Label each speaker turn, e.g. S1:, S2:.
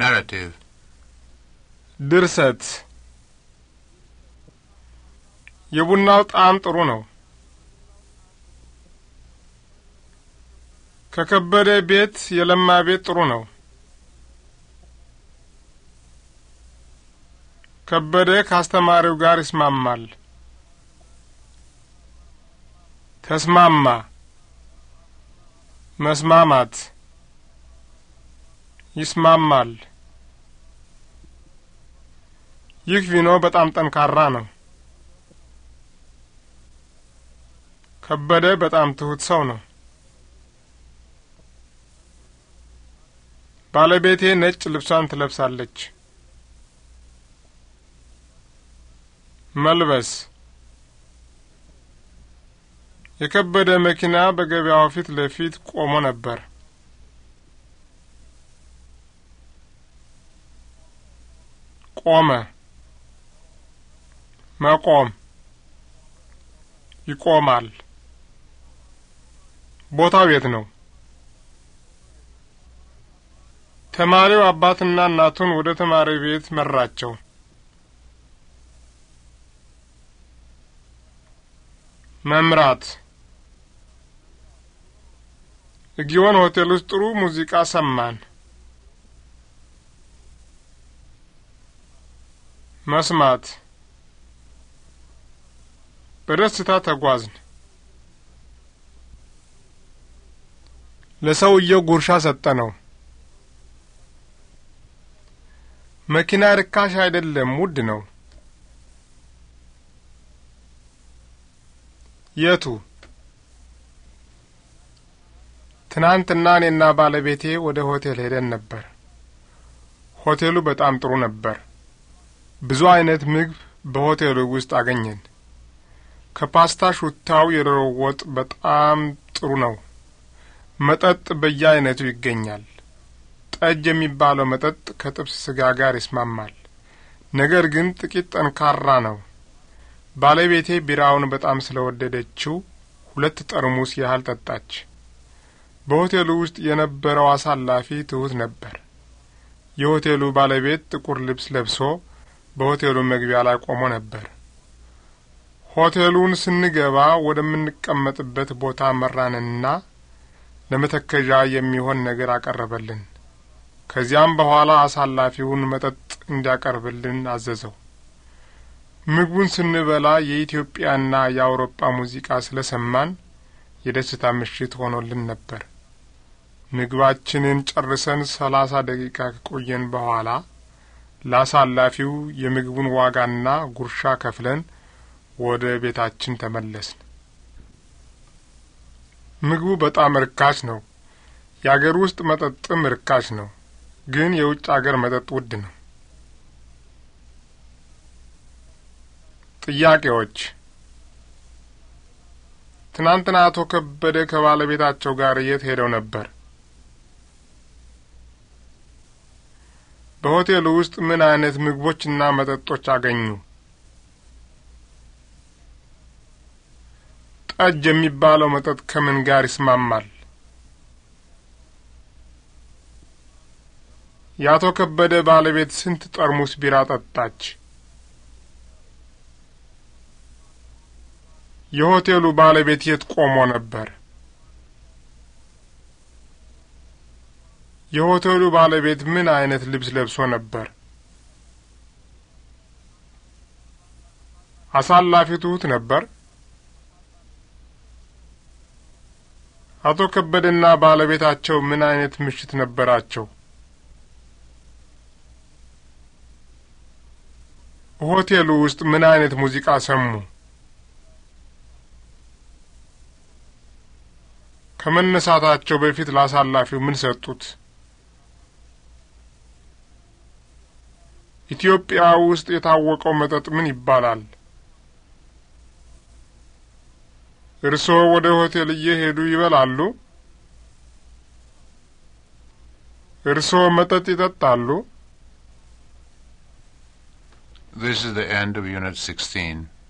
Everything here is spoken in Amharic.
S1: ናራቲቭ ድርሰት የቡናው ጣዕም ጥሩ ነው። ከከበደ ቤት የለማ ቤት ጥሩ ነው። ከበደ ከአስተማሪው ጋር ይስማማል። ተስማማ፣ መስማማት ይስማማል። ይህ ቪኖ በጣም ጠንካራ ነው። ከበደ በጣም ትሁት ሰው ነው። ባለቤቴ ነጭ ልብሷን ትለብሳለች። መልበስ የከበደ መኪና በገበያው ፊት ለፊት ቆሞ ነበር። ቆመ፣ መቆም፣ ይቆማል። ቦታው የት ነው? ተማሪው አባትና እናቱን ወደ ተማሪ ቤት መራቸው። መምራት ጊዮን ሆቴል ውስጥ ጥሩ ሙዚቃ ሰማን። መስማት በደስታ ተጓዝን። ለሰውየው ጉርሻ ሰጠ ነው። መኪና ርካሽ አይደለም፣ ውድ ነው። የቱ? ትናንትና እኔና ባለቤቴ ወደ ሆቴል ሄደን ነበር። ሆቴሉ በጣም ጥሩ ነበር። ብዙ አይነት ምግብ በሆቴሉ ውስጥ አገኘን። ከፓስታ ሹታው የዶሮ ወጥ በጣም ጥሩ ነው። መጠጥ በየአይነቱ ይገኛል። ጠጅ የሚባለው መጠጥ ከጥብስ ስጋ ጋር ይስማማል፣ ነገር ግን ጥቂት ጠንካራ ነው። ባለቤቴ ቢራውን በጣም ስለወደደችው ሁለት ጠርሙስ ያህል ጠጣች። በሆቴሉ ውስጥ የነበረው አሳላፊ ትሑት ነበር። የሆቴሉ ባለቤት ጥቁር ልብስ ለብሶ በሆቴሉ መግቢያ ላይ ቆሞ ነበር። ሆቴሉን ስንገባ ወደምንቀመጥበት ቦታ መራንና ለመተከዣ የሚሆን ነገር አቀረበልን። ከዚያም በኋላ አሳላፊውን መጠጥ እንዲያቀርብልን አዘዘው። ምግቡን ስንበላ የኢትዮጵያና የአውሮፓ ሙዚቃ ስለሰማን የደስታ ምሽት ሆኖልን ነበር። ምግባችንን ጨርሰን ሰላሳ ደቂቃ ከቆየን በኋላ ላሳላፊው የምግቡን ዋጋና ጉርሻ ከፍለን ወደ ቤታችን ተመለስን። ምግቡ በጣም ርካሽ ነው። የአገር ውስጥ መጠጥም ርካሽ ነው። ግን የውጭ አገር መጠጥ ውድ ነው። ጥያቄዎች ትናንትና አቶ ከበደ ከባለቤታቸው ጋር የት ሄደው ነበር? በሆቴሉ ውስጥ ምን አይነት ምግቦችና መጠጦች አገኙ? ጠጅ የሚባለው መጠጥ ከምን ጋር ይስማማል? የአቶ ከበደ ባለቤት ስንት ጠርሙስ ቢራ ጠጣች? የሆቴሉ ባለቤት የት ቆሞ ነበር? የሆቴሉ ባለቤት ምን አይነት ልብስ ለብሶ ነበር? አሳላፊ ትሁት ነበር? አቶ ከበደና ባለቤታቸው ምን አይነት ምሽት ነበራቸው? ሆቴሉ ውስጥ ምን አይነት ሙዚቃ ሰሙ? ከመነሳታቸው በፊት ላሳላፊው ምን ሰጡት? ኢትዮጵያ ውስጥ የታወቀው መጠጥ ምን ይባላል? እርስዎ ወደ ሆቴል እየሄዱ ይበላሉ? እርስዎ መጠጥ ይጠጣሉ? This is the end of Unit 16.